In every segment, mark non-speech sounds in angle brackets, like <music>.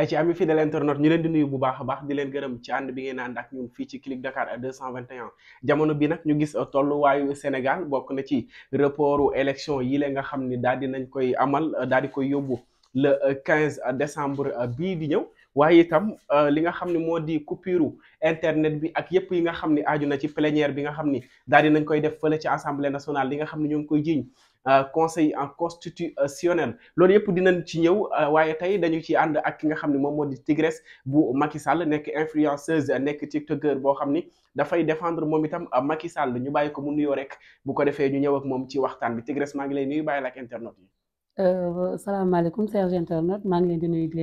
ay ci ami fidèle internet ñu leen di nuyu bu baax a baax di leen gërëm ci ànd bi ngeen ànd ak ñun fii ci Click Dakar à 221 jamono bi nag ñu gis euh, tolluwaayu Sénégal bokk na ci reportu élection yi la nga xam ni daal di nañ koy amal euh, daal di koy yóbbu le 15 euh, décembre bi di ñëw waaye itam li nga xam ne moo di coupure internet bi ak yëpp yi nga xam ni aaju na ci plénière bi nga xam ni daal di nañ koy def fële ci assemblée nationale li nga xam ne ñoo ngi koy jiiñ Euh, conseil en constitutionnel loolu yëpp dinañ ci ñëw euh, waaye tey dañu ci ànd ak ki nga xam ne moom moo di Tigresse bu Macky Sall nekk influenceuse nekk ci tiktoker boo xam ni dafay défendre moom itam euh, Macky Sall ñu bàyyi ko mu nuyoo rek bu ko defee ñu ñëw ak moom ci waxtaan bi Tigresse maa ngi lay nuyu bàyyi la internet yi. salaamaaleykum Serge internet maa ngi leen nuyu di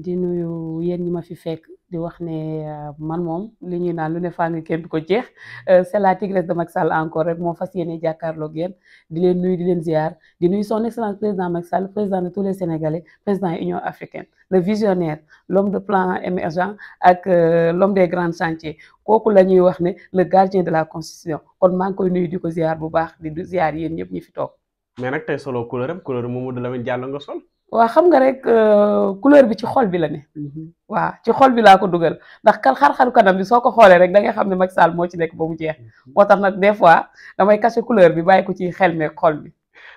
di nuyu yéen ñi ma fi fekk di wax ne euh, man moom li ñuy naan lu ne fa ngi kenn du ko jeex euh, c'est la tigresse de Macky Sall encore rek moo fas yéene jàkkaarloog yéen di leen nuyu di leen ziar di nuyu son excellence président Macky Sall président de tous les Sénégalais président Union africaine le visionnaire l'homme de plan émergent ak euh, l'homme de grands chantiers kooku la ñuy wax ne le gardien de la constitution kon maa ngi koy nuyu di ko ziar bu baax di ziar yéen ñëpp ñi fi toog. mais nag tey solo couleur am sol. waa xam nga rek euh, couleur bi ci xool bi la ne. Mhm. waa ci xool bi laa ko dugal ndax kal xar-xaru kanam bi soo ko xoolee rek da ngay xam ne Macky Sall moo ci nekk ba mu jeex mhm. moo tax nag des fois damay kase couleur bi bàyyi ko ci xel meeg xool bi.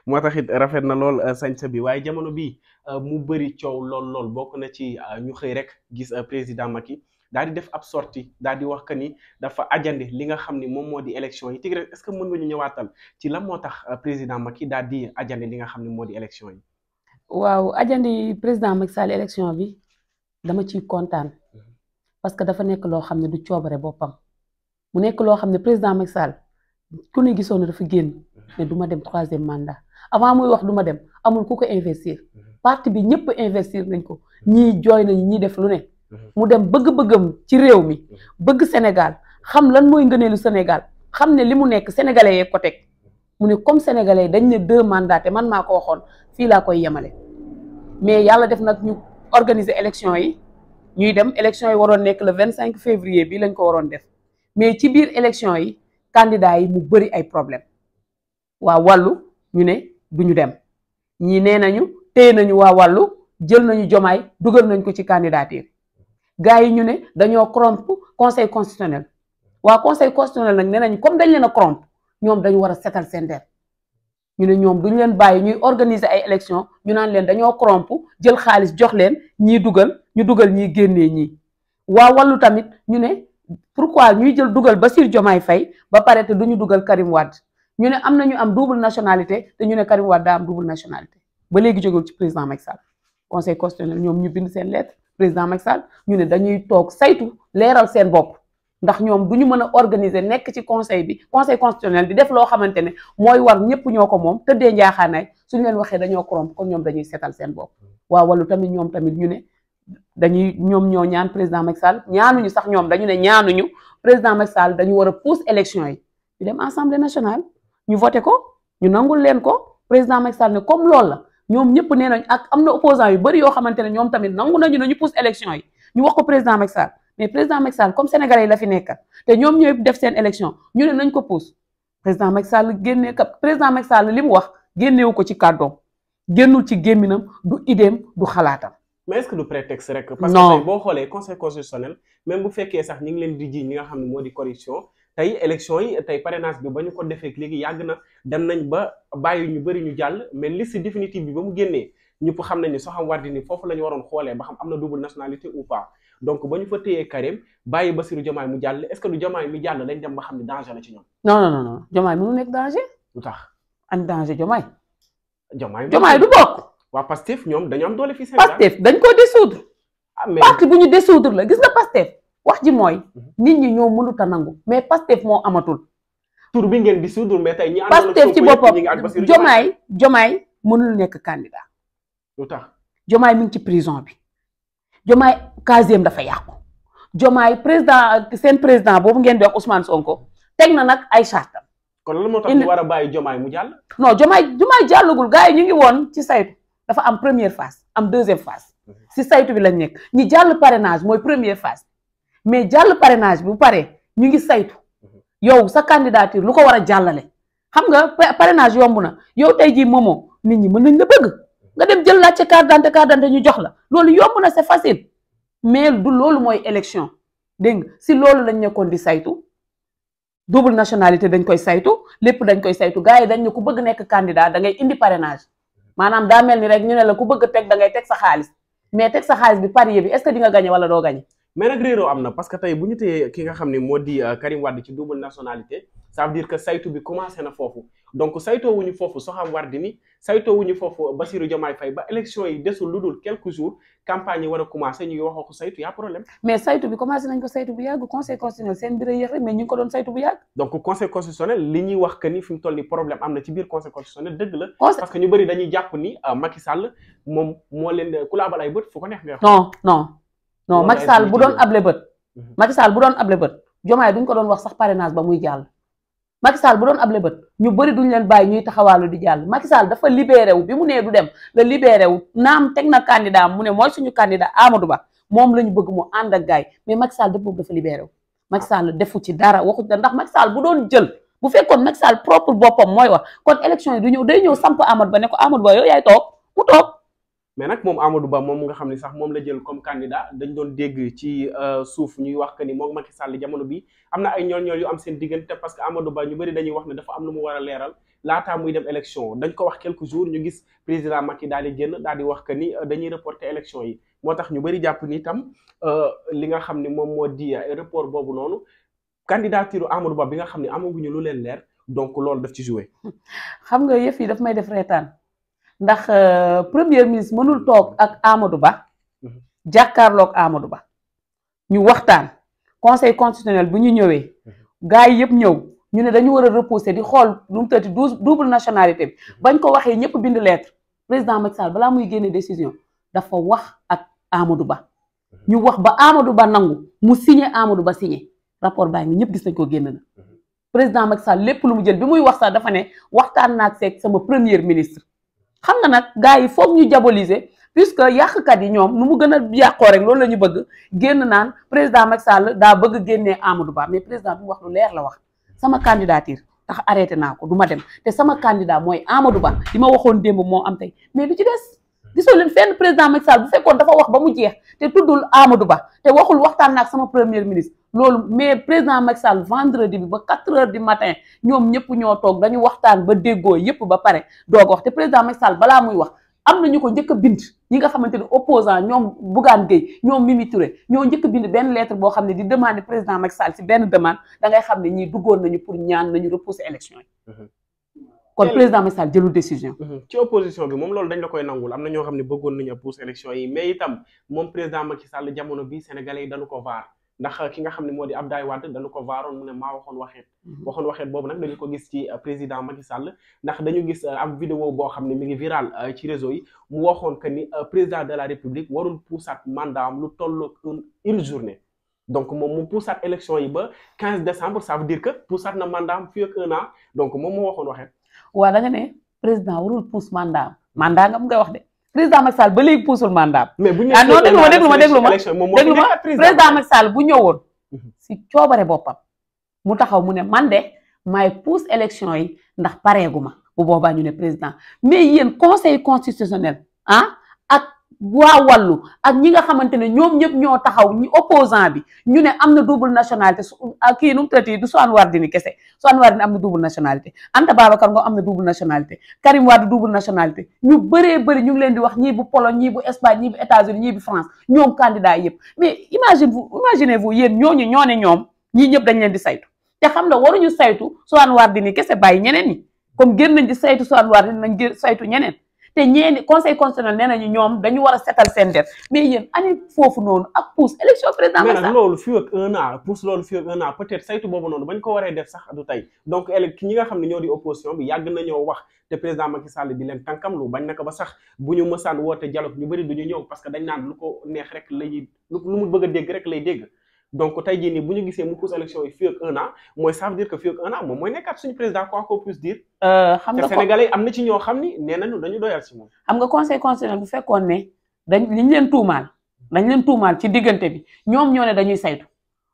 moo tax rafet na lool euh, sañsa bi waaye jamono bii euh, mu bëri coow lool lool bokk na ci ñu xëy rek gis président Macky daal di def ab sortie daal di wax que ni dafa ajandi li nga xam ni moom moo di élection yi tigre est-ce que mën nga ñu ñëwaatal ci lan moo tax président Macky daal di ajandi li nga xam ne moo di élection yi. waaw ajandi président Macky élection bi dama ciy kontaan parce que dafa nekk loo xam ne du coobare boppam mu nekk loo xam ne président Macky Sall ku ne gisoon na dafa génn ne du ma dem troisième mandat avant muy wax du ma dem amul ku ko investir parti bi ñëpp investir nañ ko ñii jooy nañ ñii def lu ne mu dem bëgg-bëggam ci réew mi bëgg Sénégal xam lan mooy ngëneelu Sénégal xam ne li mu nekk sénégalais yee ko teg mu ne comme sénégalais dañ ne deux mandats te man maa ko waxoon fii laa koy yemale mais yàlla def nag ñu organiser élection yi ñuy dem élection yi waroon nekk la vingt cinq février bi lañ ko waroon def mais ci biir élection yi candidats yi mu bëri ay problème waa wàllu ñu ne du ñu dem ñi nee nañu téye nañu waa wàllu jël nañu jomaay dugal nañ ko ci candidature gars yi ñu ne dañoo corrompre conseil constitutionnel waa conseil constitutionnel nag nee nañu comme dañ leen a corrompre ñoom dañu war a setal seen ñu ne ñoom duñ leen bàyyi ñuy organiser ay élection ñu naan leen dañoo corrompre jël xaalis jox leen ñii dugal ñu dugal ñii génnee ñii waa wàllu tamit ñu ne pour pourquoi ñuy jël dugal ba Bassirou Diomaye fay ba pare te duñu dugal Karim Wade ñu ne am na ñu am double nationalité te ñu ne Karim Wade daa am double nationalité ba léegi jógul ci président Macky Sall conseil constitutionnel ñoom ñu bind seen lettre président Macky Sall ñu ne dañuy toog saytu leeral seen bopp ndax ñoom du ñu mën a organiser nekk ci conseil bi conseil constitutionnel bi def loo xamante ne mooy war ñëpp ñoo ko moom tëddee njaaxaanaay suñu leen waxee dañoo corrompre kon ñoom dañuy seetal seen bopp waaw walu tamit ñoom tamit ñu ne dañuy ñoom ñoo ñaan président Macky Sall ñaanuñu sax ñoom dañu ne ñaanuñu président Macky Sall dañu war a pousse élection yi ñu dem assemblée nationale ñu voté ko ñu nangul leen ko président Macky Sall ne comme loolu la ñoom ñëpp nee nañ ak am na opposant yu bari yoo xamante ne ñoom nangu nañu ne ñu pousse yi ñu wax ko président Macky mais président Macky comme sénégalais yi la fi nekkal te ñoom ñooy def seen élection ñu ne nañ ko pousse président Macky Sall génne président Macky Sall li mu wax génnewu ko ci kàddoom génnul ci gémminam du idéem du xalaatam. mais est-ce que du prétexte rek. parce que boo xoolee conseil constitutionnel même bu fekkee sax ñu ngi leen di ji ñi nga xam ne moo di corruption tey élection yi tey parrainage bi ba ñu ko defee léegi yàgg na dem nañ ba bàyyi ñu bëri ñu jàll mais liste définitive bi ba mu génnee. ñëpp xam nañ ni Soham Wardini foofu la ñu waroon xoolee ba xam am na double nationalité ou pas donc ba ñu fa téyee Karim bàyyi Bassirou Diomaye mu jàll est-ce que du Diomaye mi jàll lañ dem ba xam ne danger la ci ñoom. non non non Diomaye mënu nekk danger. lu tax am ñoom dañu am doole fii dañ ko dissoudre. ah mais parti bu ñu dissoudre la gis nga ji mooy. nit ñi ñoo mënut a nangu mais Pastef moo amatul. tur bi ngeen dissoudre mais tey ñi. àndal ak Pastef ci boppam Diomaye Diomaye mënul nekk candidat. lu tax Jomaay mi ngi ci prison bi Jomaay casier dafa yàqu Jomaay président seen président boobu ngeen di wax Ousmane Sonko teg na nag ay chartam. kon lu moo tax ñu war a bàyyi Jomaay mu jàll. non Jomaay Jomaay jàllugul gars yi ñu ngi woon ci saytu dafa am première phase am deuxième phase mhm. si saytu bi lañ nekk ñi jàll parrainage mooy première phase mais jàll parrainage bi bu paree ñu ngi saytu mhm. yow sa candidature lu ko war a jàllale xam nga parrainage yomb na yow tey jii moomoo nit ñi mën nañ la bëgg. nga dem jël laajte carte d'identité carte d'identité ñu jox la loolu yomb na c'est facile mais du loolu mooy élection dégg nga si loolu lañ nekkoon di saytu double nationalité dañ koy saytu lépp dañ koy saytu gars yi dañ ne ku bëgg nekk candidat da ngay indi parrainage maanaam daa mel ni rek ñu ne la ku bëgg teg da ngay teg sa xaalis mais teg sa xaalis bi parier bi est-ce que di nga gagné wala doo gagné. mais réeroo am na parce que tey bu ñu téyee ki nga xam ne moo di euh, Karim Wade ci double nationalité ça veut que saytu bi commencé na foofu donc saytoowuñu foofu Soham Wardini saytoowuñu foofu Bassirou Diomaye Faye ba élection yi desul lu dul quelques jours campagne yi war a commencé ñu ngi waxoo ko saytu yaa problème mais saytu bi commencé nañ ko saytu bu yàgg conseil constitutionnel seen mbir a yéex rek mais ñu ngi ko doon saytu bu yàgg donc conseil constitutionnel li ñuy wax que ni fi mu toll ni problème am na ci biir conseil constitutionnel dëgg la parce que ñu bëri dañuy jàpp ni ah, Macky moom moo leen ku la ay bët fu ko neex nga non non non mhm. Macky Sall bu doon able bu doon able bët Diomaye duñ ko doon wax sax parrainage ba muy jàll Macky Sall bu doon ab lebat ñu bëri duñ leen bàyyi ñuy taxawaalu di jàll Macky Sall dafa libéré wu bi mu nee du dem la libéré wu naam teg na candidat mu ne mooy suñu candidat Amadou Ba moom la ñu bëgg mu ànd ak gaay mais Macky Sall daf boobu dafa libéré wu Macky Sall defu ci dara waxu ci ndax Macky Sall bu doon jël bu fekkoon Macky Sall propre boppam mooy wax kon élection yi du ñëw day ñëw samp Amadou Ba ne ko Amadou Ba yow yaay toog mu toog mais nag moom Amadou Ba moom nga xam ne sax moom la jël comme candidat dañ doon dégg ci euh, suuf ñuy wax que ni moom Macky Sall jamono bi am na ay ñool-ñool yu am seen diggante parce que Amadou Ba ñu bëri dañuy wax ne dafa am na mu war a leeral laataa muy dem élection dañ ko wax quelques jour ñu gis président Macky daal di génn daal di wax que ni euh, dañuy reporter élection yi moo tax ñu bëri jàpp ni tam euh, li nga xam ne moom moo di report boobu noonu candidature Amadou Ba bi nga xam ne amaguñu lu leen leer donc loolu daf ci joué. <laughs> xam nga yëf daf may def reetaan. ndax euh, premier ministre mënul toog ak Amadou Ba mhm. jàkkaarloog Amadou Ba ñu waxtaan conseil constitutionnel bu ñu ñëwee mhm. gars yi yëpp ñëw ñu ne dañu war a repousser di xool lu mu tëddi double nationalité bi mhm. bañ ko waxee ñëpp bind lettre président Macky Sall balaa muy génne décision dafa wax ak Amadou Ba ñu wax ba Amadou Ba nangu mu signé Amadou Ba signé rapport baa ngi ñëpp gis nañ ko génn na président Macky Sall lépp lu mu jël bi muy wax sax dafa ne waxtaan naa ak sama premier ministre xam nga nag gars yi foog ñu diaboliser puisque yàqkat yi ñoom nu mu gën a yàqoo rek loolu la ñu bëgg génn naan président mag Sall daa bëgg génnee Amadou Ba mais président bi mu wax lu leer la wax sama candidature tax arrêté naa ko du ma dem te sama candidat mooy Amadou Ba li ma waxoon démb moo am tey mais lu ci des. gisoo leen fenn président Macky Sall bu fekkoon dafa wax ba mu jeex te tuddul Amadou Ba te waxul waxtaan naag sama premier ministre loolu mais président Macky Sall vendredi bi ba 4 heures du matin ñoom ñëpp ñoo toog dañu waxtaan ba déggoo yëpp ba pare doog wax te président Macky Sall balaa muy wax am na ñu ko njëkk bind ñi nga xamante ni opposant ñoom Bougane Gueye ñoom Mimi Touré ñoo njëkk a bind benn lettre boo xam ne di demande président Macky Sall si benn demande da xam ne ñii duggoon nañu pour ñaan nañu repousser élection yi. Mhm. kon président Macky Sall jëlul décision. Mhm. ci opposition bi moom loolu dañ la koy nangul am na ñoo xam ne bëggoon nañu pousse élection yi mais itam moom président Macky Sall jamono bi sénégalais yi dañu ko vaar ndax ki nga xam ne moo di Abdoulaye Wade dañu ko vaaroon mu ne maa waxoon waxeet. Mhm. waxoon waxeet boobu nag dañu ko gis ci euh, président Macky Sall ndax dañu gis euh, ab vidéo boo xam ne mi ngi viral euh, ci réseau yi que ni président de la république warul puusaat mandat am lu tollook une journée. donc moom mu puusaat élection yi ba 15 décembre ça veut dire que puusaat na mandat am fii ak donc moom moo waxoon waxeet. waa da nga ne président warul pousse mandat mandat nga nga wax de président Macky Sall ba léegi puusul mandat mais bu ñu ah non déglu ma déglu ma déglu ma déglu ma président Macky Sall bu ñëwoon mhm. si coobare boppam mu taxaw mu ne man de maay pousse élection yi ndax pareegu ma bu boobaa ñu ne président mais yéen conseil constitutionnel ah ak waa wallu ak ñi nga xamante ne ñoom ñëpp ñoo taxaw ñu opposant bi ñu ne am na double nationalité ah, kii nu mu traité du Soham El Wardini kese Soham El Wardini am na double nationalité Anta Babacar Ngom am na double nationalité Karim Wade double nationalité ñu bëree bëri ñu ngi leen di wax ñii bu Pologne ñii bu Espagne ñii bu États-Unis ñii France ñoom candidat yëpp mais imagine vous imaginez vous yéen ñooñu ñoo ne ñoom ñii ñëpp dañ leen di saytu te xam nga waruñu saytu Soham El Wardini kese bàyyi ñeneen ñi comme génn nañ di saytu Soham El Wardini nañ saytu ñeneen te ñeeni conseil constitutionnel nee nañu ñoom dañu war a setal seen def mais yéen ani foofu noonu ak pousse élection présidentielle mais nag loolu fii ak un pousse loolu fii ak un an peut-être saytu boobu noonu bañ ko waree def sax du tey donc élec ñi nga xam ne ñoo di opposition bi yàgg nañoo wax te président Macky Sall di leen tànkam lu bañ naka ba sax bu ñu mësaan woote dialogue ñu bëri du ñu ñëw parce que dañ naan lu ko neex rek lay lu mu bëgg rek lay dégg donc tey jii nii bu ñu gisee mu pousse élection yi fii ak un an mooy ça veut dire que fii ak un an moom mooy nekkaat suñu président quoi qu'on dire. Euh, xam nga te am na ci ñoo xam ni nee nañu dañu doyal si moom. xam nga conseil constitutionnel bu fekkoon ne dañ liñ leen tuumaal dañ leen tuumaal ci diggante bi ñoom ñoo ne dañuy saytu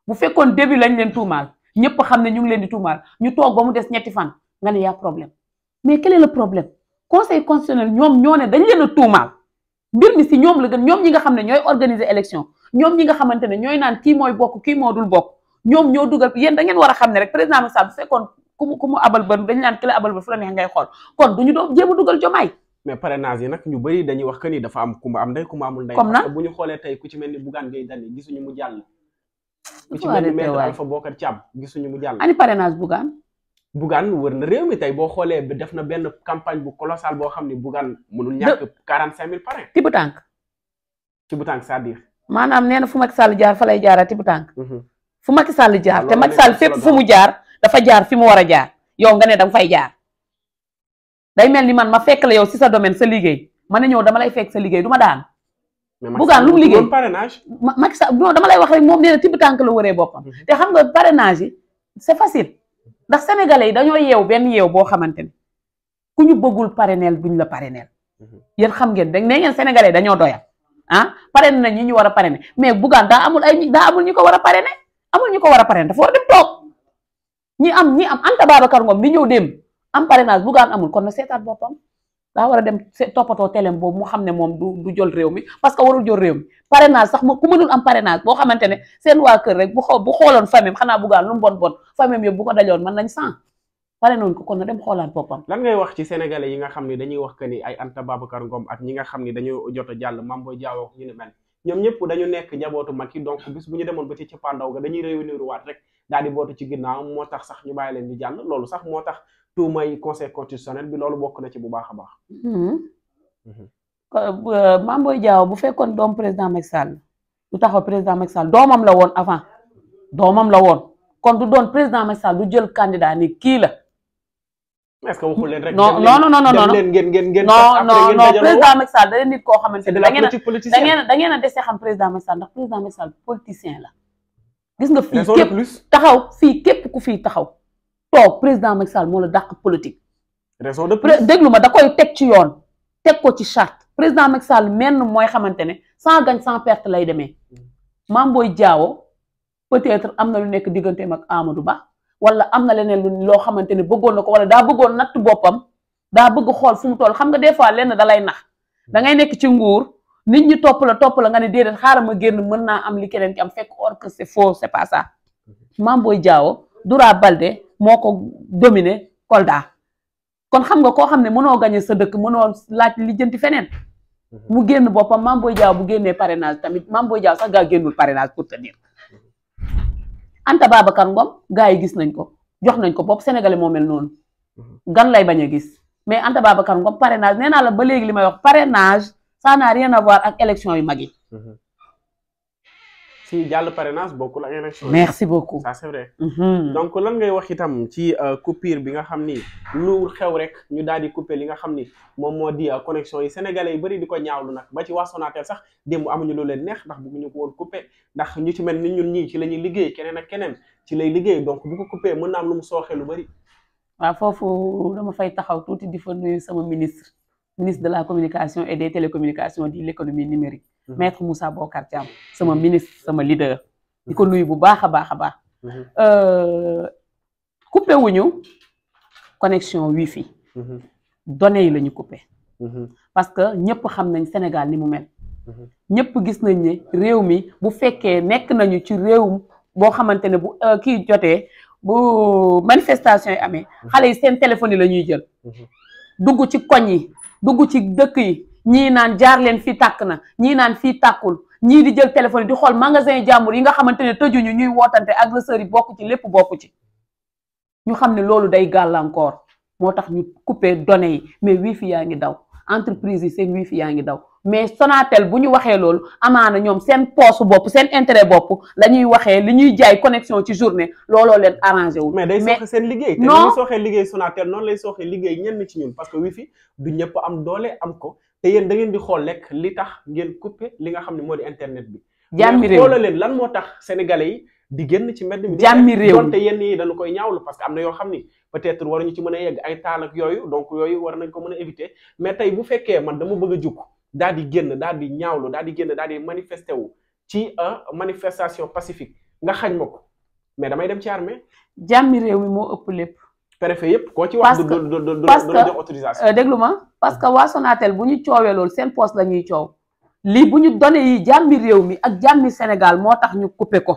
bu fekkoon début lañ leen tuumaal ñëpp xam ne ñu ngi leen di tuumaal ñu toog ba mu des ñetti fan nga ne yaa problème mais quel est ñoom ñoo ne dañ leen a tuumaal mbir mi si ñi nga xam ne ñooy organiser élection ñoom ñi nga xamante ne ñooy naan kii mooy bokk kii moo dul bokk ñoom ñoo dugal yéen da ngeen war a xam ne rek président Macky Sall bu fekkoon ku mu ku mu abal bën dañ naan abal bën fu la neex ngay xool kon du ñu doon jéem a dugal jomaay mais parrainage yi nag ñu bëri dañuy wax que ni dafa am kumba am ndey kumba amul ndey comme na bu ñu xoolee tey ku ci mel ni Bougane Gueye Dany gisuñu mu jàll ku ci mel ni Maître Alpha Bokar Thiam gisuñu mu jàll ani parrainage Bougane Bougane wër na réew mi tey boo xoolee def na benn campagne bu colossale boo xam ne Bougane mënul ñàkk quarante cinq mille parrain ci tànk ci bu tànk cest à maanaam nee na fu Macky Sall jaar fa lay jaarati bu tànk mhm. fu Macky Sall jaar te Macky Sall fépp fu mu jaar dafa jaar fi mu war a jaar yow nga ne danga fay jaar day mel ni man ma fekk la yow si sa domaine sa liggéey ma ne ñëw dama lay fekk sa liggéey du ma daan bugaan lu mu liggéey Macky Sall non dama lay wax rek moom nee na tibb tànk la wëree boppam mhm. te xam nga parrainage yi c'est facile ndax sénégalais yi dañoo yeew benn yeew boo xamante ni ku ñu bëggul parrainel duñ la parrainel mhm. yéen xam ngeen da nee ngeen sénégalais dañoo doyal ah parrainé na ñi ñu war a parrainé mais Bougane daa amul ay daa amul ñu ko war a parrainé amul ñu ko war a parrainé dafa war a dem toog am ñi am Anta Babacar Ngom mi ñëw dem am parrainage Bougane amul kon na seetaat boppam daa war a dem toppatoo teleem boobu mu xam ne moom du jol jël mi parce que warul jël réew mi parrainage sax ma ku mënul am parrainage boo xamante ne seen waa kër rek bu xoo xooloon famille xanaa Bougane lu mu bon bon famille yëpp ko daloon mën nañ sang pare noonu ko kon na dem xoolaat boppam. lan ngay wax ci sénégalais yi nga xam ne dañuy wax que ni ay Anta Babacar Ngom ak ñi nga xam ne dañoo jot a jàll Mame Boye Diao ak ñu ne mel ñoom ñëpp dañu nekk njabootu Macky donc bis bu ñu demoon ba ci cëppaandaw ga rek daal di bootu ginnaaw moo tax sax ñu bàyyi leen di jàll loolu sax moo tax tuumay conseil constitutionnel bi loolu bokk na ci bu baax a baax. Hmm. Mhm. Euh, Mame Boye Diao bu fekkoon doom président Macky Sall du taxaw président Macky Sall doomam la woon avant doomam la woon kon du doon président Macky Sall du jël candidat ni kii la. est-ce que waxul leen rek. non non non non non leen ngeen ngeen ngeen. non non non président Macky Sall da leen nit koo xamante ni da ngeen da ngeen da dese xam président Macky Sall ndax président Macky Sall politicien la. gis nga fii képp taxaw fii képp ku fii taxaw toog président Macky Sall moo la dàq politique. raison déglu ma da koy teg ci yoon teg ko ci charte président Macky Sall menn mooy xamante ne sans gagne sans perte lay demee. Mm. Mame Boye Diao peut-être am na lu nekk digganteem ak Amadou Ba. wala am na leneen loo xamante ne bëggoon na ko wala daa bëggoon natt boppam daa bëgg xool fu mu toll xam nga des fois lenn dalay nax dangay nekk ci nguur nit ñi topp la topp la nga ne déedéet xaaral ma génn mën naa am li keneen ki am fekk or que c'est faux c'est pas ça Mame Boye Diao Balde moo ko dominé Kolda kon xam nga koo xam ne mënoo gañe sa dëkk mënoo laaj lijjanti feneen mhm. mu génn boppam Mame Boye Diao bu génnee parrainage tamit Mame Boye Diao sax gaa génnul parrainage pour te dire Anta Babacar Ngom gars yi gis nañ ko jox nañ ko bopp sénégalais moo mel noonu mhm. gan lay bañ a gis mais Anta Babacar Ngom parrainage nee naa la ba léegi li may wax parrainage ça n'a rien à voir ak élection yu mag yi mhm. ci jàll parrainage bokk ak élection merci beaucoup ça c'est vrai. Mhm. donc lan ngay wax itam ci euh, coupure bi nga xam ni lu xew rek ñu daal di couper li nga xam ni moom moo di euh, connexion yi sénégalais yi bëri di ko ñaawlu nag ba ci waa Sonatel sax démb amuñu lu leen neex ndax bëgguñu ko woon couper ndax ñu ci mel ni ñun ñii ci la ñuy liggéey keneen ak keneen ci lay liggéey donc bu ko couper mën naa am lu mu sooxe lu bëri. waaw foofu dama fay taxaw tuuti di fa nuyu sama ministre ministre de la communication et des télécommunications di l'économie numérique. Mhm. maître Moussa Bocar Thiam sama mhm. ministre sama leader. Mhm. di ko nuyu bu baax a baax a baax. Euh, coupé wuñu connexion wifi. données yi lañu ñu parce que ñëpp xam nañ Sénégal ni mu mel. ñëpp gis nañ ni réew mi bu fekkee nekk nañu ci réewum boo xamante ne bu euh, kii jotee bu manifestation yi amee. xale yi seen téléphone yi la ñuy jël. dugg ci koñ yi dugg ci dëkk yi. ñii naan jaar leen fii tàkk na ñii naan fii tàkkul ñii di jël téléphone di xool magasin jàmbur yi nga xamante ne tëjuñu ñuy wootante agresseurs yi bokk ci lépp bokk ci ñu xam ne loolu day gàllankoor moo tax ñu coupé données yi mais wifi yaa ngi daw entreprise yi seen wifi yaa ngi daw mais Sonatel bu ñu waxee loolu amaana ñoom seen poosu bopp seen intérêt bopp la ñuy waxee li ñuy jaay connexion ci journée looloo leen arrangé wu. mais day sooxe seen liggéey. non te ni ñu sooxee liggéey Sonatel noonu lay sooxee liggéey ñun parce que wifi du ñëpp am doole am ko. te yéen da ngeen di xool lekk li tax ngeen coupé li nga xam ne moo di internet bi. jàmmi réew leen lan moo tax sénégalais yi di génn ci mbedd mi. jàmmi réew donte yenn yi dañu koy ñaawlu parce que am na yoo xam ni peut-être waruñu ci mën a ay taal yooyu donc yooyu war nañ ko mën a éviter tey bu fekkee man dama bëgg a jukk daal di génn daal di ñaawlu daal di génn daal di manifester ci euh, manifestation pacifique nga xañ ma ko mais damay dem ci armée jàmmi réew mi moo ëpp lépp. préfet yëpp koo ci wax. du du du du jox autorisation euh, déglu ma parce que waa Sonatel bu ñu coowee loolu seen poste la ñuy coow lii bu ñu données yi jàmmi réew mi ak jàmmi Sénégal moo tax ñu coupé ko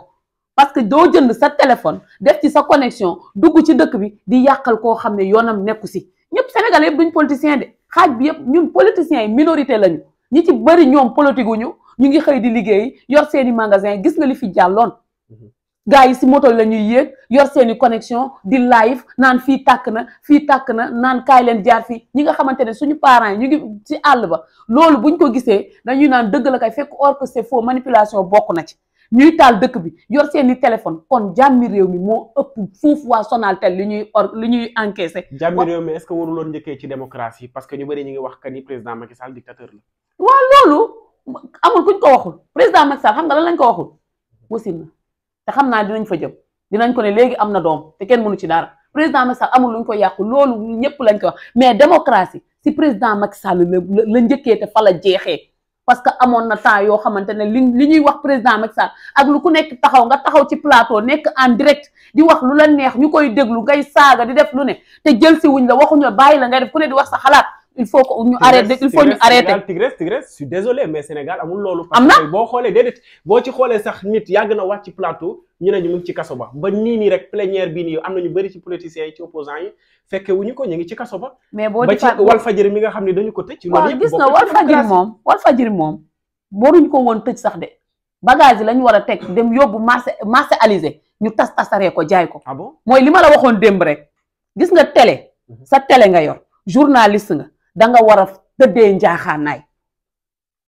parce que doo jënd sa téléphone def ci sa connexion dugg ci dëkk bi di yàqal koo xam ne yoonam nekku si ñëpp Sénégal yëpp duñ politicien de xaaj bi yëpp ñun politiciens yi minorité lañu ñi ci bëri ñoom politique ñu ñu ngi xëy di liggéey yor seeni magasin gis nga li fi jàlloon mm-hmm. gars yi si moto la ñuy yéeg yor seeni connexion di live naan fii tàkk na fii tàkk na naan kaay leen jaar fii ñi nga xamante ne suñu parent yi ñu ngi ci àll ba loolu bu ñu ko gisee dañuy naan dëgg la kay fekk or que c'est manipulation bokk na ci ñuy taal dëkk bi yor seeni téléphone kon jàmmi réew mi moo ëpp foofu waa Sonatel li ñuy or li ñuy encaissé. jàmmi réew mi est-ce que waruloon njëkkee ci démocratie parce que ñu bëri ñu ngi wax que ni président Macky Sall dictateur la. waaw loolu amul kuñ ko waxul président Macky Sall xam nga lan lañ ko waxul wasin na te xam naa dinañ fa jëm dinañ ko ne léegi am na doom te kenn mënu ci dara président Macky Sall amul lu ñu ko yàqu loolu ñëpp lañ ko wax mais démocratie si président Macky Sall la la njëkkee te fa la jeexee parce que amoon na temps yoo xamante ne li li ñuy wax président Macky Sall ak lu ku nekk taxaw nga taxaw ci plateau nekk en direct di wax lu la neex ñu koy déglu ngay saaga di def lu ne te jël si wuñ la waxuñoo la bàyyi la ngay def ku ne di wax sa xalaat il faut que ñu arrêté il faut ñu arrêté Tigres Tigres désolé mais Sénégal amul loolu. am na boo xoolee déedéet boo ci xoolee sax nit yàgg na wàcc ci plateau ñu ne ñu mu ngi ci kaso ba ba nii nii rek plénière bii nii am na ñu bëri ci politiciens yi ci opposants yi fekke wuñu ko ñu ngi ci kaso ba. mais boo ba ci Walfadjiri mi nga xam ne dañu ko tëj. loolu yëpp gis nga Walfadjiri moom Walfadjiri moom waruñu ko woon tëj sax de bagage yi lañu war a teg dem yóbbu marché marché alizé ñu tas tasaree ko jaay ko. ah mooy li ma la waxoon démb rek gis nga télé mhm. sa télé nga yor journaliste nga da nga war a tëddee njaaxaanaay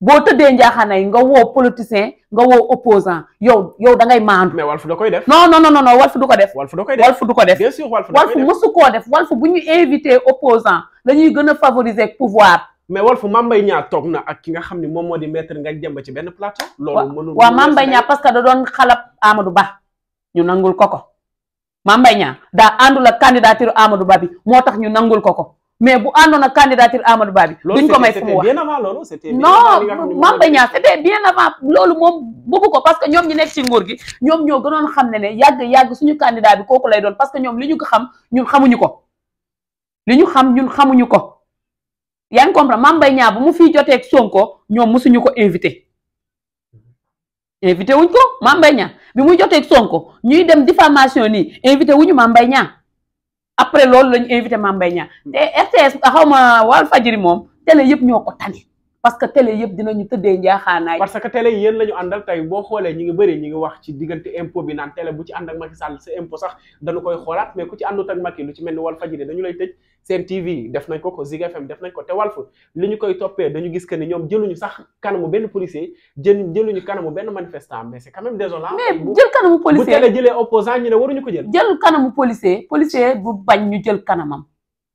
boo tëddee njaaxaanaay nga woo politicien nga woo opposant yow yow da ngay maandu. mais Walf da koy def. non no non non Walf du ko def. Walf du koy def Walf du ko def. bien sûr Walf def Walf mësu koo def Walf bu ñu invité opposant la ñuy gën a favoriser pouvoir. mais wal fu Mbaye Niang toog na ak ki nga xam ne moom moo di maître Ngagne Demba ci benn plateau. loolu mënul waaw Mame Mbaye Niang parce que da doon xalab Amadou Ba ñu nangul ko ko Mame Mbaye Niang daa àndul ak candidature Amadou Ba bi moo tax ñu nangul ko ko. mais bu àndoon na candidature Amadou Ba loolu c'était bien avant non Mame Mbaye Niang moom bëggu ko parce que ñoom ñi nekk ci nguur gi ñoom ñoo noon xam ne ne yàgg yàgg suñu candidat bi kooku lay doon parce que ñoom li ñu ko xam ñun xamuñu ko li ñu xam ñun xamuñu ko yaa ngi comprendre Mame Mbaye Niang bu mu fii jotee ak Sonko ñoom mosuñu ko invité invité wuñ ko Mame Mbaye bi muy jotee ak Sonko ñuy dem diffamation nii invité wuñu Mame Mbaye Niang après loolu lañu invité Mame Mbaye Niang te RTS xaw ma Walfadjri moom télé yëpp ñoo ko tane parce que télé yëpp dinañu tëddee njaaxaanaay. parce que télé yéen la ñu àndal boo xoolee ñi ngi bëri ñi ngi wax ci diggante impôt bi naan télé bu ci ànd ak Macky Sall sa impôt sax dañu koy xoolaat mais ku ci àndut ak Macky lu ci mel ni wal Walfadjri dañu lay tëj Sen TV def nañ ko ko Zik def nañ ko te Walf lu ñu koy toppee dañu gis que ni ñoom jëluñu sax kanamu benn policier jël jëluñu kanamu benn manifestant mais c'est quand même désolant. mais jël kanamu policier bu teel a jëlee opposant ñu waruñu ko jël. jël kanamu policier policier bu bañ ñu jël kanamam.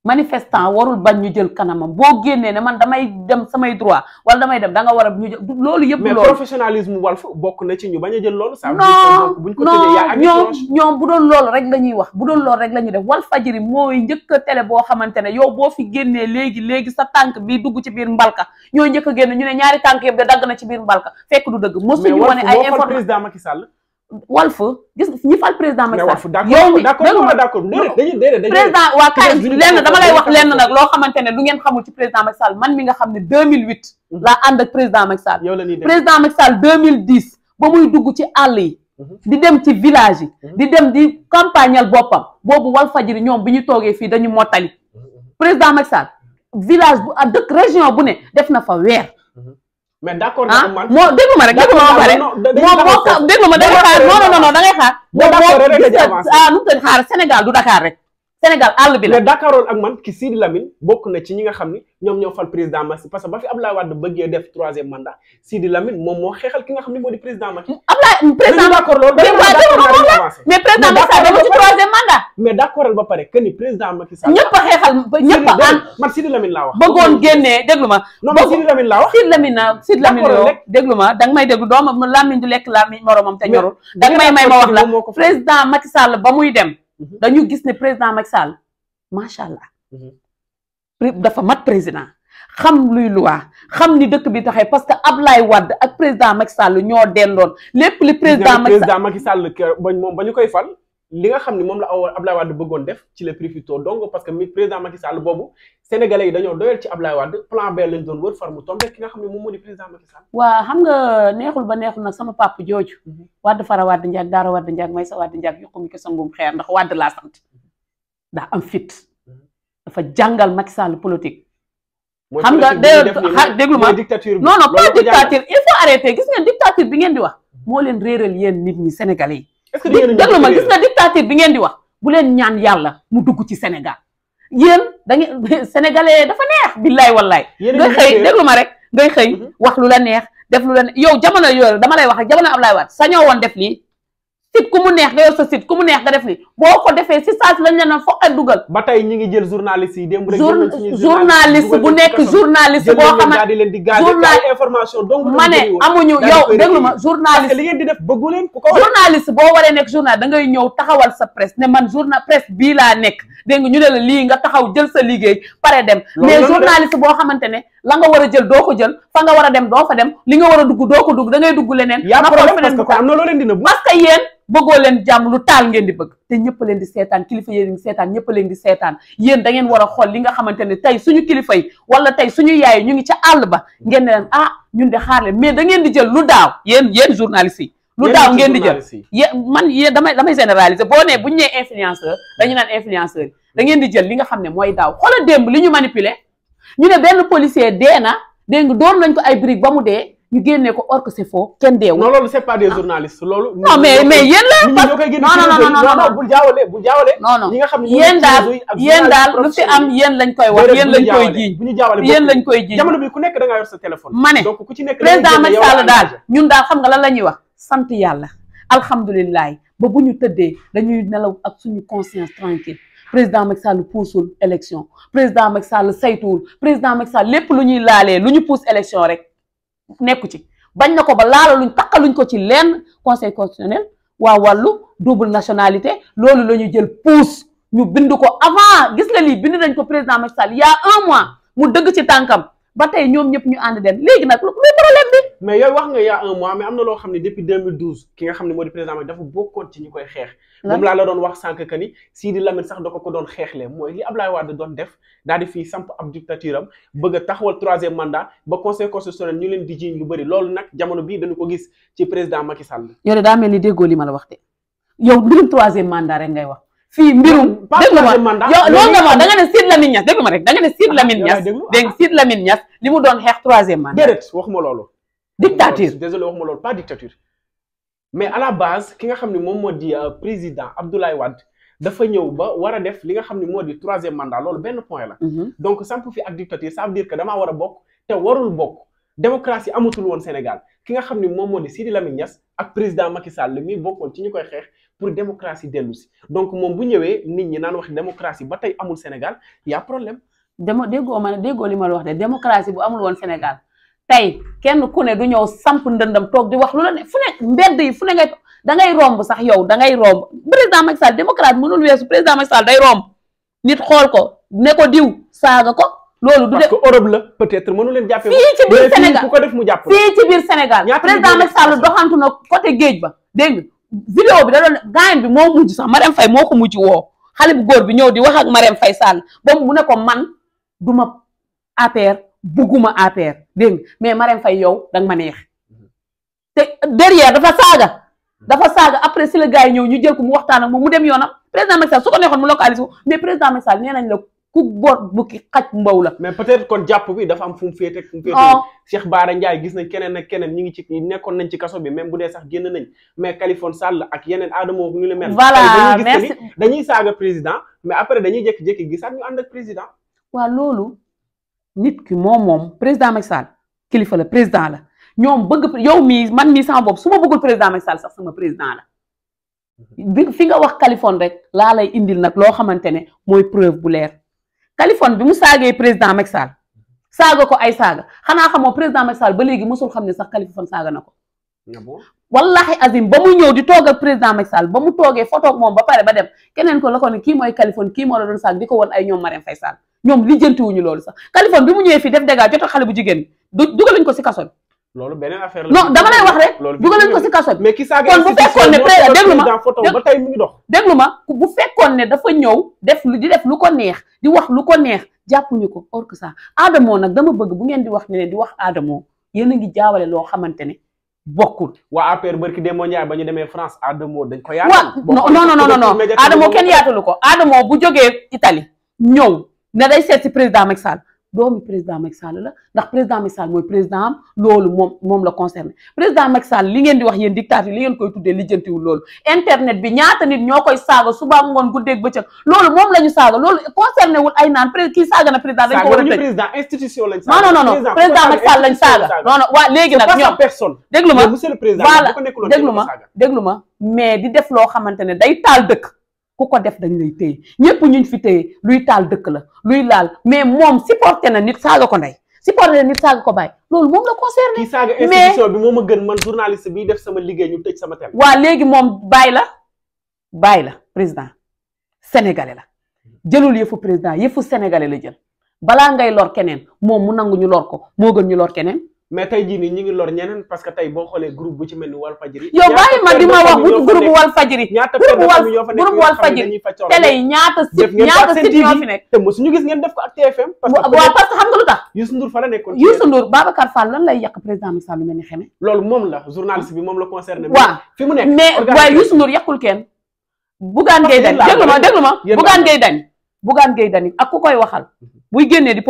manifestant warul bañ ñu jël kanamam boo génnee ne man damay dem samay droit wala damay dem da nga war a bu ñu jël loolu yëpp. loolu mais professionnalisme Walf bokk na ci ñu bañ a jël loolu. ça buñ ko tëjee yaa non ñoom bu doon loolu rek la ñuy wax bu doon loolu rek la ñuy def Walfadjri mooy njëkk tele boo xamante ne yow boo fi génnee léegi léegi sa tànk bi dugg ci biir mbalka ñoo njëkk génn ñu ne ñaari tànk yëpp de dagg na ci biir mbalka fekk du dëgg. mosuñu wane ay information mais président Macky Sall Walf gis ñi fal président Macky Sall. yow mi d'accord d'accord président dama lay wax lenn nag loo xamante ne lu ngeen xamul ci président Macky Sall man mi nga xam ne 2008. Mhm. laa ànd ak président Macky Sall. yow la ñuy président Macky Sall ba muy dugg ci àll yi. Mhm. di dem ci village yi. Mhm. di dem di campagnal boppam boobu walfa Walfadjri ñoom bi ñu toogee fii dañu mottali président Macky Sall village bu dëkk région bu ne def na fa weer. mais d'accord ah moo déglu ma rek déglu ma moo déglu ma da ngay xaar non non non da ngay xaar moom moo ah nu mu xaar Sénégal du Dakar rek Sénégal àll bi la mais Dakaroon ak man ki Sidi Lamine bokk na ci ñi nga xam ni ñoom ñoo fal président Macky parce que ba fi Abdoulaye Wade bëggee def troisième mandat Sidi Lamine moom moo xeexal ki nga xam ni moo di président Macky. Abdoulaye président d'accord loolu. ci troisième mandat. mais d'accord ba pare que ni président Macky Sall. a a may déglu doomam Lamine du lekk Lamine moromam te ñorul danga ma wax ba muy dem Mhm. dañu gis ne président Macky Sall macha allah. Mhm. dafa mat président xam luy loi xam ni dëkk bi taxee parce que Ablaye wadd ak président Macky Sall ñoo dendoon lépp li. président Macky Sall président Macky Sall moom ba ñu koy fal. li nga xam ne moom la Abdoulaye Wade bëggoon def ci la profito donc parce que mi président Macky boobu sénégalais yi dañoo doyal ci Abdoulaye Wade plan B lañ doon wër far mu tombé ki nga xam ne moom moo di président Macky Sall. xam nga neexul ba neexul nag sama papa jooju. Mhm. Wade Fara Wade Ndiak Daara Wade Ndiak Maysa Wade Ndiak yokku mi ko sangum xeer ndax Wade laa sant daa am fit mhm. dafa jàngal Macky Sall politique. xam nga de déglu ma non non pas dictature il faut bi ngeen di wax moo leen réeral yéen nit ñi sénégalais yi est-ce que déglu ma gis nga dictature bi ngeen di wax bu leen ñaan yàlla mu dugg ci Sénégal yéen da ngeen sénégalais dafa neex billaay wallaay nga xëy déglu ma rek ngay xëy mm-hmm. wax lu la neex def lu la neex yow jamono yooyu dama lay wax rek jamono Ablaye Wade sañoo woon def lii site ku mu neex nga yor sa sit ku mu neex nga def li boo ko defee si saa si lañ la naan foog dugal. ba tey ñu ngi jël journaliste yi démb rek. journaliste bu nekk journaliste boo xamante jël nañu journaliste information donc ma ne amuñu yow déglu ma journaliste li ngeen di def bëggu leen ku ko journaliste boo waree nekk journal da ngay ñëw taxawal sa presse ne man journal presse bii laa nekk dégg nga ñu ne la lii nga taxaw jël sa liggéey pare dem mais journaliste boo xamante ne la nga war a jël doo ko jël fa nga war a dem doo fa dem li nga war a dugg doo ko dugg da ngay dugg leneen yaa problème na loo leen di nëbb parce que yéen bëggoo leen jàmm lu taal ngeen di bëgg te ñëpp leen di seetaan kilifa yéen di seetaan ñëpp leen di seetaan da ngeen war a xool li nga xamante ne tey suñu kilifa yi wala tey suñu yaay ñu ngi ca àll ba ngeen leen ah ñun de xaar mais da ngeen di jël lu daaw yéen yéen journaliste yi lu daaw ngeen di jël ye man yé damay damay généraliser boo nee bu ñee influenceur dañu naan influenceur yi da di jël li nga xam ne mooy daaw xoola démb li ñu manipuler ñu ne benn policier dee na dégg nga door nañ ko ay briques ba mu dee ñu génne ko or que c'est faux kenn deewul. non loolu c'est pas ah. loolu. non mais mais yéen la. parce que non bu jaawale bu jaawale. non non yéen daal yéen daal lu fi am yéen lañ koy wax yéen lañ koy jiiñ. bu ñu jaawale yéen lañ koy jiiñ. jamono bi ku nekk da nga yor sa téléphone. ma ne président Macky Sall daal ñun daal xam nga lan la ñuy wax sant yàlla alhamdulilah ba bu ñu tëddee dañuy nelaw ak suñu conscience tranquille président Macky Sall puusul élection président Macky Sall saytuwul président Macky Sall lépp lu ñuy laalee lu ñu puus élection rek nekku ci bañ na ko ba laala luñ takkaluñ ko ci lenn conseil constitutionnel waa wàllu double nationalité loolu la ñu jël puus ñu bind ko avant gis nga lii bind nañ ko président Macky Sall il un mois mu dëgg ci tànkam ba tey ñoom ñëpp ñu ànd dem léegi nag lu problème bi. mais yooyu wax nga y'a un mois am na loo xam ne depuis 2012 ki nga xam ne moo di président Macky dafa bokkoon ci ñi koy xeex. moom laa la doon wax sànq que ni Sidi Lamine sax da ko ko doon xeexle mooy li Ablaye Wade doon def daal di fii samp ab dictature am bëgg a taxawal troisième mandat ba conseil constitutionnel ñu leen di jiiñ lu bëri loolu nag jamono bii dañu ko gis ci président Macky Sall. yow de daa mel ni déggoo li ma la wax de yow mbirum troisième rek ngay wax. fii mbirum dégg nga ma yow loolu nga wax da nga ne Sidy Lamine Niass ma rek da nga ne Sidy Lamine Niass dégg ah, Sidy Lamine Niass li mu doon xeex troisième mandat déedéet waxuma loolu dictature désolé waxuma loolu pas dictature mais à la base ki nga xam ne moom moo di euh, président Abdoulaye Wade dafa ñëw ba war a def li nga xam ne moo di troisième mandat loolu benn point la mhm. donc samp fi ak dictature ça veut dire que war a bokk te warul bokk démocratie amatul woon Sénégal ki nga xam ne moom moo di Sidy Lamine Niass ak président Macky Sall li muy bokkoon ci ñu koy xeex pour démocratie dellu si donc moom bu ñëwee nit ñi naan wax démocratie ba tey amul Sénégal yaa a problème. dama déggoo ma ne li ma la wax de démocratie bu amul woon Sénégal tey kenn ku ne du ñëw samp ndëndam toog di wax lu la ne fu ne mbedd yi fu ne ngay dangay romb sax yow da ngay romb président Macky Sall démocrate mënul weesu président Macky Sall day romb nit xool ko ne ko diw saaga ko. loolu du de parce que Europe la peut-être mënu leen jàppee. fii ci biir Sénégal fii ci biir Sénégal président Macky Sall doxantu na côté géej ba dégg vidéo bi da doon gaañ bi moo mujj sax Marème Faye moo ko mujj woo xale bu góor bi ñëw di wax ak Marème Faye Sall ba mu ne ko man du ma APR bugguma APR dégg nga mais Marème fay yow danga ma neex te derrière dafa saaga dafa saaga après si la gars yi ñëw ñu jël ko mu waxtaan ak moom mu dem yoonam président Macky Sall su ko neexoon mu localisé mais président Macky Sall nee nañ la ku boot bukki xaj mbaw la. mais peut-être kon jàpp bi dafa am fu mu féete fu mu féete. Cheikh Bara Ndiaye gis nañ keneen ak keneen ñu ngi ci nekkoon nañ ci kaso bi même bu dee sax génn nañ mais Kaliphone Sall ak yeneen aadama ñu le mel. voilà merci dañuy saaga président mais après dañuy jékki-jékki gisaat ñu ànd ak président. waaw loolu nit ki moom moom président Macky Sall kilifa la président la ñoom bëgg yow mii man mii sama bopp su ma bëggul président Macky Sall sax sama président la. Mhm. bi fi nga wax Kaliphone rek laa lay indil nag loo xamante ne mooy preuve bu leer. Kaliphone bi mu saagee président Macky Sall saaga ko ay saaga xanaa xamoo président Macky Sall ba léegi mosul xam ne sax Kaliphone saaga na ko. Ah wallahi azim ba mu ñëw di toog ak président Macky Sall ba mu toogee photo ak moom ba pare ba dem keneen ko la ko kii mooy Kaliphone kii moo la doon saag di ko won ay ñoom Marème Faye Sall ñoom lijjantiwuñu loolu sax Kaliphone bi mu ñëwee fii def dégâts jot a xale bu jigéen bi du dugaluñ ko si kaso loolu beneen affaire la non dama lay wax rek dugal nañ ko si kaso bi mais kon bu fekkoon ne pré déglu ma bu fekkoon ne dafa ñëw def lu di def lu ko neex di wax lu ko neex jàppuñu ko or que ça Adamo nag dama bëgg bu ngeen di wax ne di wax Adamo yéen a ngi jaawale loo xamante ne bokkul waa APR barki Demba Ndiaye ba ñu demee France Adamo dañ ko yaatal waaw non non non non Adamo kenn yaatalu ko Adamo bu jógee Italie ñëw ne day seet si président Macky Sall doomi président Macky Sall la ndax président Macky Sall mooy président am loolu moom moom la concerné président Macky Sall li ngeen di wax yéen dictateur li ngeen koy tuddee lijjantiwul loolu internet bi ñaata nit ñoo koy saaga suba ngoon guddeeg bëccëg loolu moom la ñu saaga loolu concerné wul ay naan kii saaga na président dañ ko war a tëj président institution lañ saaga non non non président Macky Sall lañ saaga non non waa léegi nag ñoom personne déglu ma voilà déglu ma ma mais di def loo xamante ne day taal dëkk ku ko def dañ lay téye ñëpp ñu fi téye luy taal dëkk la luy laal mais moom supporté na nit saaga ko ndey supporté na nit saaga ko bàyyi loolu moom la concerné. mais kii saaga institution bi moom a gën man journaliste bi def sama liggéey ñu tëj sama thème. waa léegi moom bàyyi la bàyyi la président sénégalais la jëlul yëfu président yëfu sénégalais la jël balaa ngay lor keneen moom mu nangu ñu lor ko moo gën ñu lor keneen. mais tey jii nii ñu ngi lor ñeneen parce que tey boo xoolee groupe bu ci mel ni Walfadjri. yow bàyyi ma di ma wax bu groupe Walfadjri. ñaata groupe Walf groupe Walfadjri ñaata site ñaata site ñoo fi nekk. te mosuñu gis ngeen def ko ak TFM. parce que waaw xam nga lu tax. Youssou Ndour fa la nekkoon. Youssou Ndour Babacar Fall lan lay yàq président Macky Sall lu xeme. loolu moom la journaliste bi moom la concerné. waaw fi mu mais waaye Youssou Ndour yàqul kenn. Bougane Gueye Dany déglu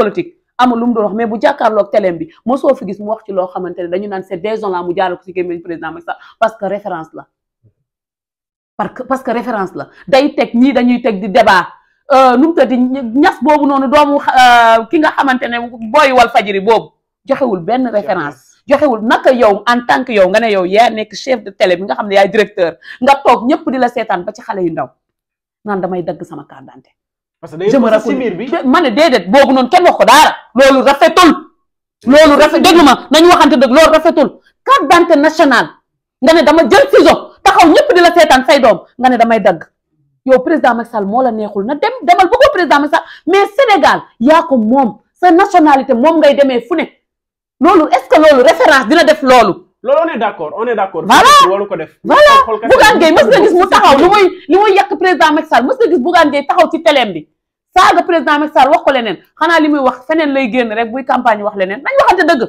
ma amul lu mu mais bu jàkkaarloog teleem bi mosoo fi gis mu wax ci loo xamante ne dañu naan c'est désolant mu jaarale ko ci gémmiñ président Macky Sall parce que référence la parce que parce que référence la day teg ñii dañuy teg di débat euh, nu mu tëddi ñas boobu noonu doomu euh, ki nga xamante ne booy wal fajiri boobu joxewul benn référence joxewul naka yow en tant que yow nga ne yow yaa nekk chef de tele bi nga xam ne yaay directeur nga toog ñëpp di la seetaan ba ci xale yu ndaw naan damay dagg sama carte parce que je me raconte ma ne déedéet boobu noonu kenn wax ko daara loolu rafetul. loolu rafet déglu ma nañu waxante dëgg loolu rafetul carte d'identité nga ne dama jël ciseau taxaw ñëpp di la seetaan say doom nga ne damay dagg yow président Macky Sall moo la neexul na dem demal bu ko président Macky Sall mais Sénégal yaa ko moom sa nationalité moom ngay demee fu ne loolu est-ce que loolu référence dina def loolu. loolu on est d'accord on ko def. voilà Bougane Gueye gis mu taxaw lu muy lu yàq président Macky Sall mës na taxaw ci teleem bi. saaga président Macky Sall wax ko leneen xanaa li muy wax feneen lay génn rek buy campagne wax leneen nañ waxante dëgg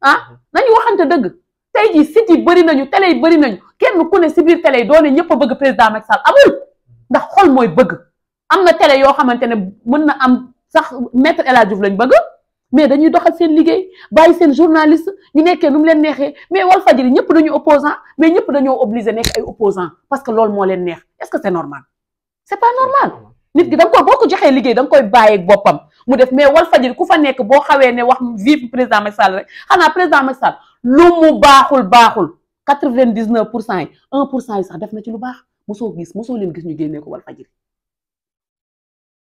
ah nañu waxante dëgg tey jii site yi bëri nañu télé yi bëri nañu kenn ku ne si biir télé yi doone ñëpp a bëgg président Macky Sall amul ndax xol mooy bëgg am na télé yoo xamante ne mën na am sax maître El Hadj Diouf lañ bëgg mais dañuy doxal seen liggéey bàyyi seen journaliste ñu nekkee nu mu leen neexee mais wal fajiri ñëpp dañu opposant mais ñëpp dañoo obligé nekk ay opposant parce que loolu moo leen neex est-ce que c'est normal nit ki da nga koy boo ko joxee liggéey da nga koy bàyyi boppam mu def mais wal fajiri ku fa nekk boo xawee ne wax vive président Macky Sall rek xanaa président Macky Sall lu mu baaxul baaxul quatre vingt dix neuf pour cent yi un pour cent yi sax def na ci lu baax mosoo gis mosoo leen gis ñu génnee ko wal fajiri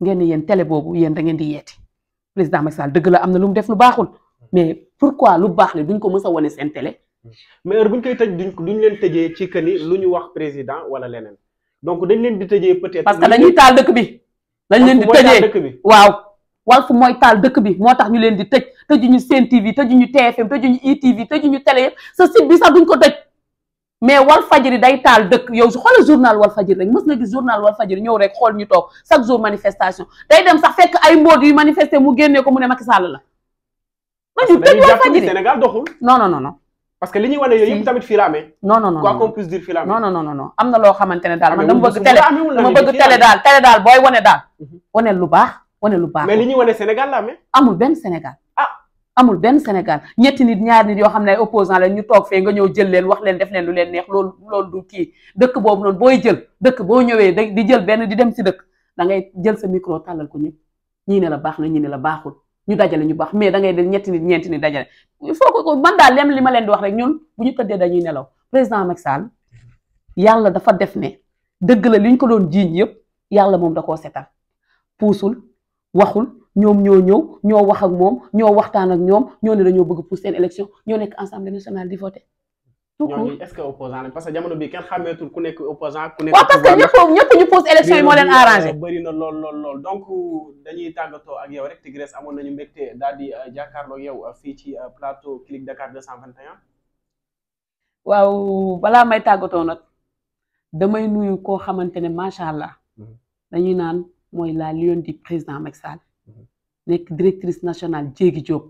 ngeen ne yéen télé boobu yéen da ngeen di yeeti président Macky dëgg la am na lu mu def lu baaxul mais pourquoi lu baax li duñ ko mës a wane seen télé. mais heure bu ñu koy tëj duñ leen tëjee ci que ni lu ñu wax président wala leneen donc dañ leen di tëjee peut parce que dañuy taal dëkk bi. lañ leen di tëjee waaw Walf mooy taal dëkk bi moo tax ñu leen di tëj tëjuñu Sen TV tëjuñu TFM tëjuñu ITV e tëjuñu ñu yëpp sa site bi sax duñ ko tëj mais Walf Fadjri day taal dëkk yow su xoolee journal wal Fadjri rek mës na gis journal wal Fadjri ñëw rek xool ñu toog chaque jour manifestation day dem sax fekk ay mboot yu manifester mu génnee ko mu ne Macky Sall la. ma ñu tëj Walf Fadjri Sénégal doxul non non non non. parce que li ñuy wane yooyu yëpp tamit fii la amee. non non non quoi qu'on puisse dire fii la amee. non non non non am na loo xamante ne daal ah, man dama bëgg télé dama bëgg télé daal télé daal booy wane daal. Mhm. wane lu baax wane lu baax. mais li ñuy wane Sénégal la amee. amul benn Sénégal. ah amul benn Sénégal ñetti nit ñaar nit yoo xam ne ay opposant la ñu toog fee nga ñëw jël leen wax leen def leen lu leen neex loolu loolu du kii dëkk boobu noonu booy jël dëkk boo ñëwee di jël benn di dem si dëkk da ngay jël sa micro tàllal ko ñëpp ñii ne la baax na ñii ne la baaxul ñu dajale ñu baax mais da ngay de ñetti nit ñeenti nit dajale il faut que man daal lem li ma leen di wax rek ñun bu ñu tëddee dañuy nelaw président Macky Sall yàlla dafa def ne dëgg la li ñu ko doon jiiñ yëpp yàlla moom da koo setal puusul waxul ñoom ñoo ñëw ñoo wax ak moom ñoo waxtaan ak ñoom ñoo ne dañoo bëgg pour seen élection ñoo nekk assemblée nationale di voter ñooñu est-ce que opposant lañ parce que jamono bii kenn xàmmeetul ku nekk opposant ku nekk waaw parce que ñëpp ñëpp ñu pose élection yi moo leen arrangé bëri na lool lool lool donc dañuy tàggatoo ak yow rek Tigresse amoon nañu mbégte daal di euh, jàkkaarloo ak yow euh, fii ci euh, plateau Click Dakar 221 waaw balaa may tàggatoo nag damay nuyu koo xamante ne macha allah mhm. dañuy naan mooy la lion di président Macky Sall mhm. nekk directrice nationale Jéegi Diop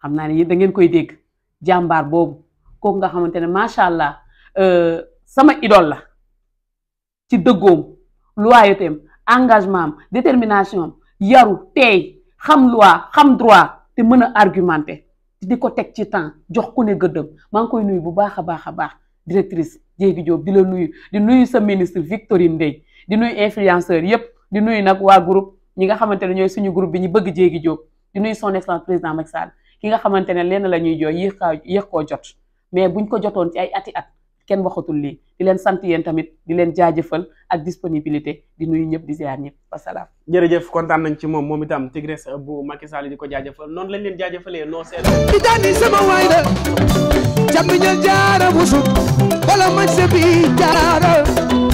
xam naa ne yéen da ngeen koy dégg jàmbaar boobu kooku nga xamante ne macha allah euh, sama idole la ci dëggoom loyautéem engagement am détermination yaru teey xam loi xam droit te mën a argumenté di ko teg ci temps jox ku ne gëddëm maa ngi koy nuyu bu baax a baax a baax directrice Diégui Diop di la nuyu di nuyu sa ministre Victorine Ndeye di nuyu influenceur yépp di nuyu nag waa groupe ñi nga xamante ne ñooy suñu groupe bi ñu bëgg Diégui Diop di nuyu son excellence président Macky Sall ki nga xamante ne lenn la ñuy jooy yéex yéex koo jot mais buñ ko jotoon ci ay ati at kenn waxatul lii di leen sant yéen tamit di leen jaajëfal ak disponibilité di nuyu ñëpp di ziar ñëpp wasalaam. jërëjëf kontaan nañ ci moom moom itam Tigresse bu Macky Sall di ko jaajëfal noon lañ leen jaajëfalee non seen. di daani sama waay la jàmm ña jaara wala man sa bi